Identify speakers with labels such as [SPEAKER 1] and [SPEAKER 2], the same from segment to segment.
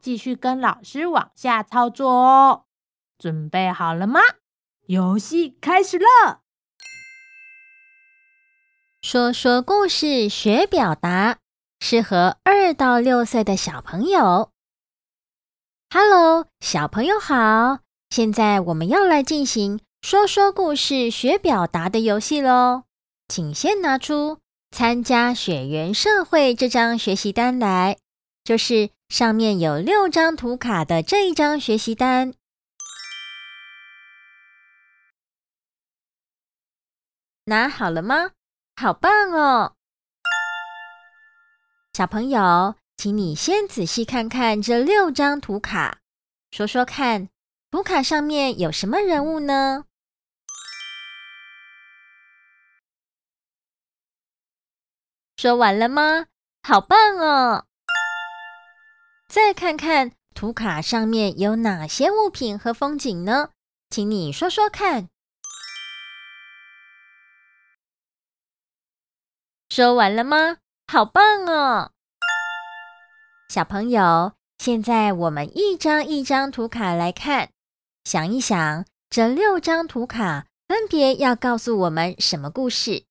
[SPEAKER 1] 繼續跟老師往下操作哦，準備好了嗎？遊戲開始了。說說故事學表達，適合二到六歲的小朋友。Hello，小朋友好，現在我們要來進行說說故事學表達的遊戲嘍，請先拿出《參加雪原盛會》這張學習單來，就是。上面有六張圖卡的這一張學習單，拿好了嗎？好棒哦！小朋友，請你先仔細看看這六張圖卡，說說看，圖卡上面有什麼人物呢？說完了嗎？好棒哦！再看看圖卡上面有哪些物品和風景呢？請你說說看。說完了嗎？好棒哦！小朋友，現在我們一張一張圖卡來看，想一想，這六張圖卡分別要告訴我們什麼故事？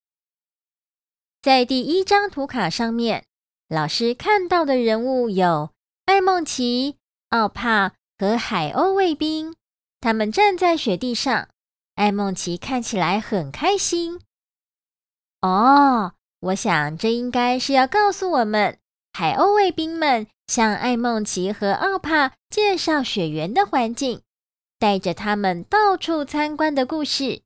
[SPEAKER 1] 在第一張圖卡上面，老師看到的人物有。愛孟奇、奧帕和海鷗衛兵，他們站在雪地上。愛孟奇看起來很開心。哦，我想這應該是要告訴我們海鷗衛兵們向愛孟奇和奧帕介紹雪原的環境，帶着他們到處參觀的故事。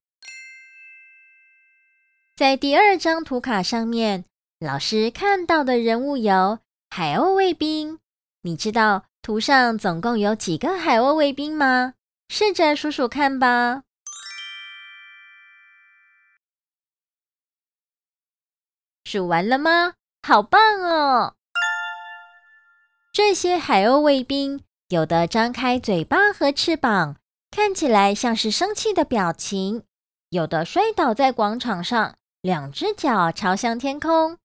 [SPEAKER 1] 在第二張圖卡上面，老師看到的人物有海鷗衛兵。你知道圖上總共有幾個海鷗衛兵嗎？試着數數看吧。數完了嗎？好棒哦！這些海鷗衛兵有的張開嘴巴和翅膀，看起來像是生氣的表情；有的摔倒在廣場上，兩隻腳朝向天空。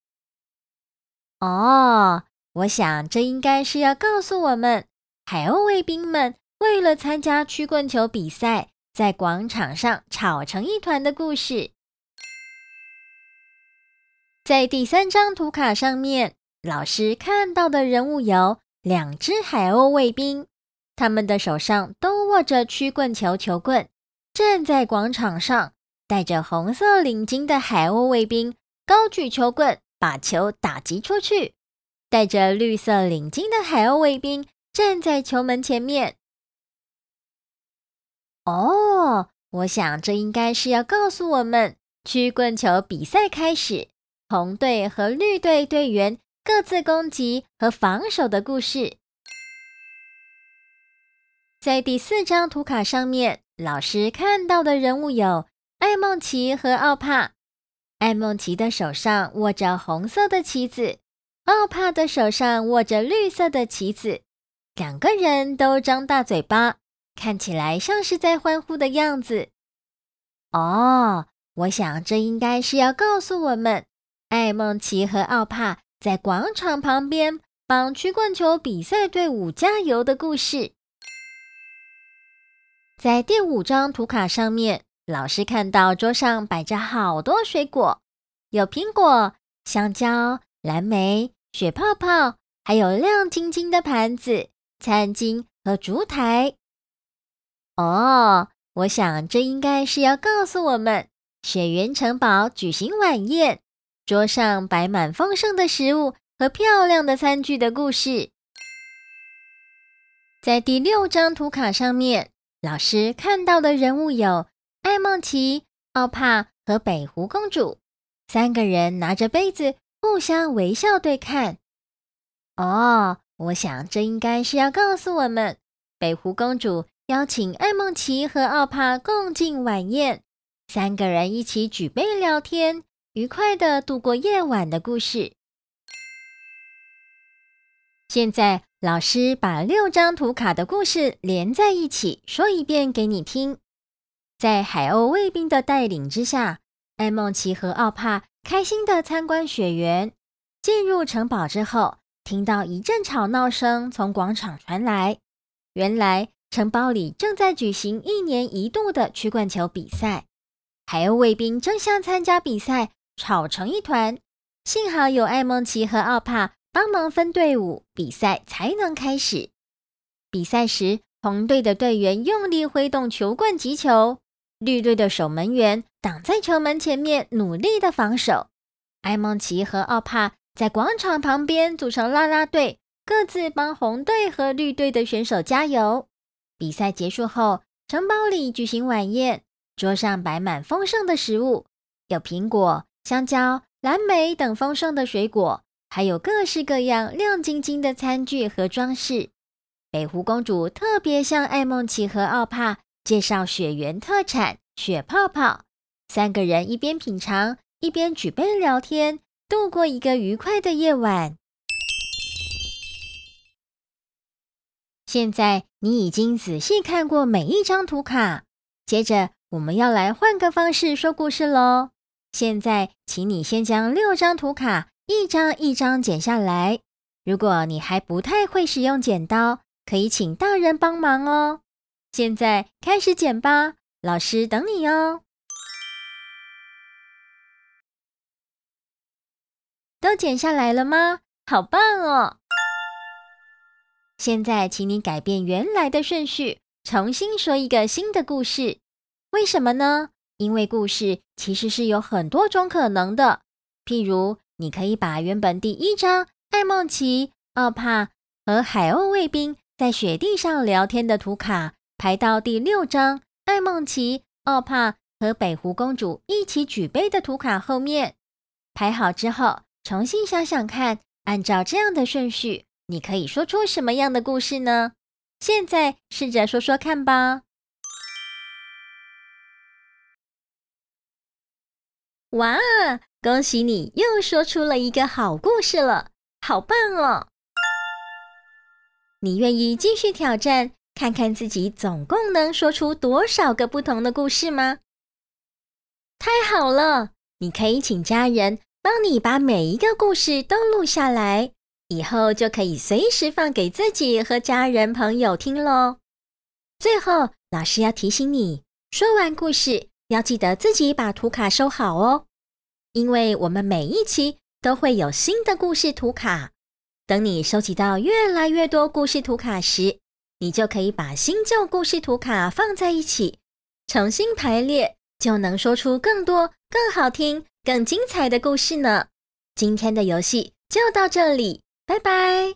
[SPEAKER 1] 哦！我想，這應該是要告訴我們海鷗衛兵們為了參加曲棍球比賽，在廣場上吵成一團的故事。在第三張圖卡上面，老師看到的人物有兩隻海鷗衛兵，他們的手上都握着曲棍球球棍，站在廣場上，戴着紅色領巾的海鷗衛兵高舉球棍，把球打擊出去。帶着綠色領巾的海鷗衛兵站在球門前面。哦、oh，我想這應該是要告訴我們，曲棍球比賽開始，紅隊和綠隊隊員各自攻擊和防守的故事。在第四張圖卡上面，老師看到的人物有愛孟奇和奧帕。愛孟奇的手上握着紅色的棋子。奧帕的手上握着綠色的旗子，兩個人都張大嘴巴，看起來像是在歡呼的樣子。哦，我想這應該是要告訴我們，愛孟奇和奧帕在廣場旁邊幫曲棍球比賽隊伍加油的故事。在第五張圖卡上面，老師看到桌上擺着好多水果，有蘋果、香蕉、藍莓。雪泡泡，還有亮晶晶的盤子、餐巾和燭台。哦，oh，我想這應該是要告訴我們，雪原城堡舉行晚宴，桌上擺滿豐盛的食物和漂亮的餐具的故事。在第六張圖卡上面，老師看到的人物有愛孟奇、奧帕和北湖公主，三個人拿着杯子。互相微笑對看。哦、oh，我想這應該是要告訴我們，北湖公主邀請愛孟奇和奧帕共進晚宴，三個人一起舉杯聊天，愉快的度過夜晚的故事。現在，老師把六張圖卡的故事連在一起說一遍給你聽。在海鷗衛兵的帶領之下，愛孟奇和奧帕。開心的參觀雪原，進入城堡之後，聽到一陣吵鬧聲從廣場傳來。原來城堡裡正在舉行一年一度的曲棍球比賽，海鷗衛兵爭相參加比賽，吵成一團。幸好有愛孟奇和奧帕幫忙分隊伍，比賽才能開始。比賽時，紅隊的隊員用力揮動球棍擊球，綠隊的守門員。擋在城門前面努力的防守，愛孟奇和奧帕在廣場旁邊組成啦啦隊，各自幫紅隊和綠隊的選手加油。比賽結束後，城堡裡舉行晚宴，桌上擺滿豐盛的食物，有蘋果、香蕉、藍莓等豐盛的水果，還有各式各樣亮晶晶的餐具和裝飾。北湖公主特別向愛孟奇和奧帕介紹雪原特產——雪泡泡。三個人一邊品嘗，一邊舉杯聊天，度過一個愉快的夜晚。現在你已經仔細看過每一張圖卡，接着我們要來換個方式說故事嘍。現在，請你先將六張圖卡一張一張剪下來。如果你還不太會使用剪刀，可以請大人幫忙哦。現在開始剪吧，老師等你哦。都剪下來了嗎？好棒哦！現在請你改變原來的順序，重新說一個新的故事。為什麼呢？因為故事其實是有很多種可能的。譬如，你可以把原本第一張愛孟奇、奧帕和海鷗衛兵在雪地上聊天的圖卡，排到第六張愛孟奇、奧帕和北湖公主一起舉杯的圖卡後面。排好之後，重新想想看，按照這樣的順序，你可以說出什麼樣的故事呢？現在試着說說看吧。哇，恭喜你又說出了一個好故事了，好棒哦！你願意繼續挑戰，看看自己總共能說出多少個不同的故事嗎？太好了，你可以請家人。當你把每一個故事都錄下來以後，就可以隨時放給自己和家人朋友聽嘍。最後，老師要提醒你，說完故事要記得自己把圖卡收好哦。因為我們每一期都會有新的故事圖卡，等你收集到越來越多故事圖卡時，你就可以把新舊故事圖卡放在一起，重新排列，就能說出更多更好聽更精彩的故事呢。今天的遊戲就到這裡，拜拜。